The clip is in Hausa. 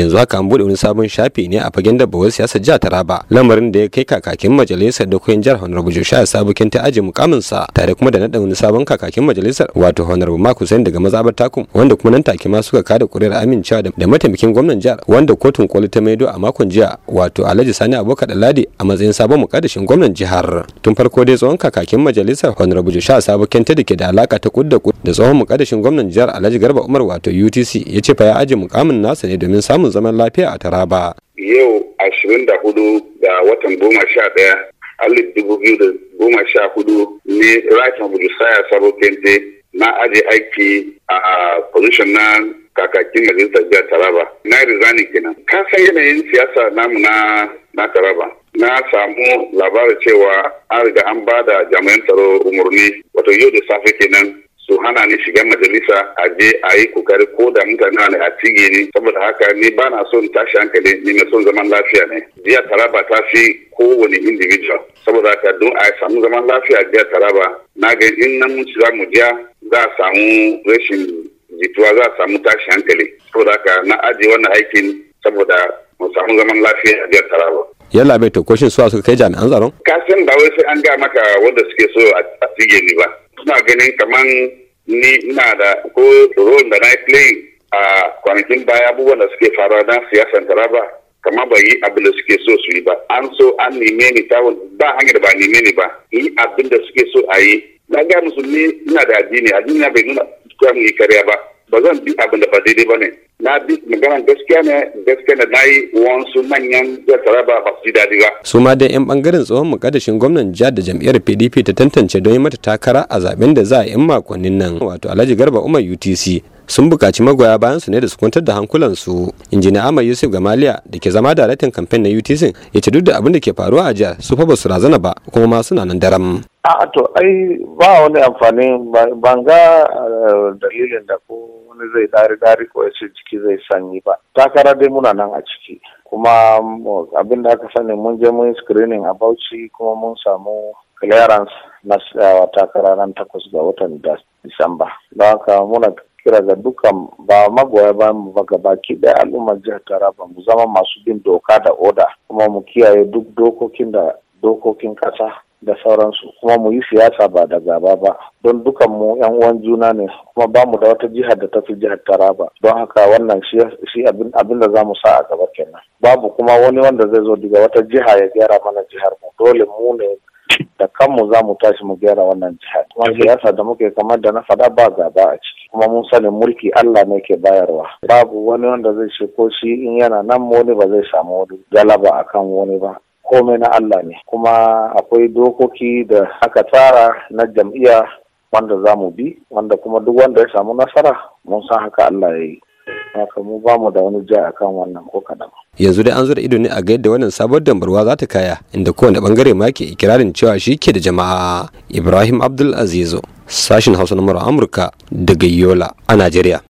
yanzu haka an buɗe wani sabon shafi ne a fagen dabbawar siyasar jihar taraba lamarin da ya kai kakakin majalisar da koyin jihar honorable joshua sabukin ta aji sa tare kuma da naɗa wani sabon kakakin majalisar wato honorable mark hussein daga mazabar takum wanda kuma nan take ma suka kada kuri'ar amincewa da mataimakin gwamnan jihar wanda kotun koli ta maido a makon jiya wato alhaji sani abubakar ladi a matsayin sabon mukaddashin gwamnan jihar tun farko dai tsohon kakakin majalisar honorable joshua sabukin ta da ke da alaka ta kud da tsohon mukaddashin gwamnan jihar alhaji garba umar wato utc ya ce fa ya aji mukamin nasa ne domin samun samun zaman lafiya a Taraba. Yau 24 ga watan goma sha ɗaya alif dubu da goma sha hudu ne rakin bujusaya sabo kente na aje aiki a position na kakakin majalisar jihar Taraba. Na yi rizani kenan. Ka san yanayin siyasa namu na na Taraba. Na samu labarin cewa an riga an ba da jami'an tsaro umarni wato yau da safe kenan su hana ni shiga majalisa a je a yi kokari ko da mutane ne a cige ni saboda haka ni ba na son tashi hankali ni mai son zaman lafiya ne jiya taraba ta fi kowane individual saboda haka don a samu zaman lafiya jiya taraba na ga in nan mun za mu jiya za a samu rashin jituwa za a samu tashi hankali saboda haka na aje wannan aikin saboda mu samu zaman lafiya a jihar taraba ya labe to koshin suwa suka kai jami'an tsaron kasin ba wai sai an ga maka wanda suke so a tsige ni ba suna ganin kaman ni ina da ko role da na play a kwanakin baya abubuwan da suke faruwa na siyasan taraba kamar ba yi abin da suke so su yi ba an so an nime ni ta ba hanyar ba nime ni ba yi abin da suke so a yi na ga musu ni ina da addini addini na bai nuna kuwa mu yi karya ba ba zan bi abin da ba daidai ba ne na bi maganar gaskiya ne gaskiya ne na yi wasu manyan zartara ba ba su ji daɗi ba. su ma dai yan bangaren tsohon mukaddashin gwamnan jihar da jam'iyyar pdp ta tantance don yi mata takara a zaben da za a yin makonnin nan wato alhaji garba umar utc sun buƙaci magoya bayan su ne da su kwantar da hankulan su injiniya ahmad yusuf gamaliya da ke zama daraktan kamfen na utc ya ce duk da abin da ke faruwa a jihar su fa ba su razana ba kuma ma suna nan daram a to ai ba wani amfani ban ga eh, dalilin da ko wani zai dari dari ko ya ce jiki zai sanyi ba takara dai muna nan a ciki kuma abin da aka sani mun je mun screening a bauchi kuma mun samu clearance na sayawa eh, takara nan takwas ga watan disamba don haka muna kira ga dukkan ba magoya ba mu ba gabaki ɗaya al'ummar jihar Taraba mu zama masu bin doka da oda kuma mu kiyaye duk dokokin da dokokin ƙasa da sauransu kuma mu yi siyasa ba da gaba ba don dukan mu yan uwan juna ne kuma ba mu da wata jihar da ta fi jihar Taraba don haka wannan shi abin da za mu sa a gaba kenan babu kuma wani wanda zai zo daga wata jiha ya gyara mana jihar mu dole mu ne da kanmu za mu tashi mu gyara wannan jihar kuma siyasa da muke kamar da na faɗa ba gaba a ciki kuma mun sani mulki Allah ne ke bayarwa babu wani wanda zai ce ko shi in yana nan wani ba zai samu wani galaba akan wani ba komai na Allah ne kuma akwai dokoki da aka tsara na jam'iyya wanda za mu bi wanda kuma duk wanda ya samu nasara mun san haka Allah ya yi haka mu ba mu da wani ja kan wannan ko kaɗan. yanzu dai an zura ido ne a ga yadda wannan sabon dambarwa za ta kaya inda kowane bangare ma ke ikirarin cewa shi ke da jama'a ibrahim abdul azizo sashin hausa na amurka daga yola a najeriya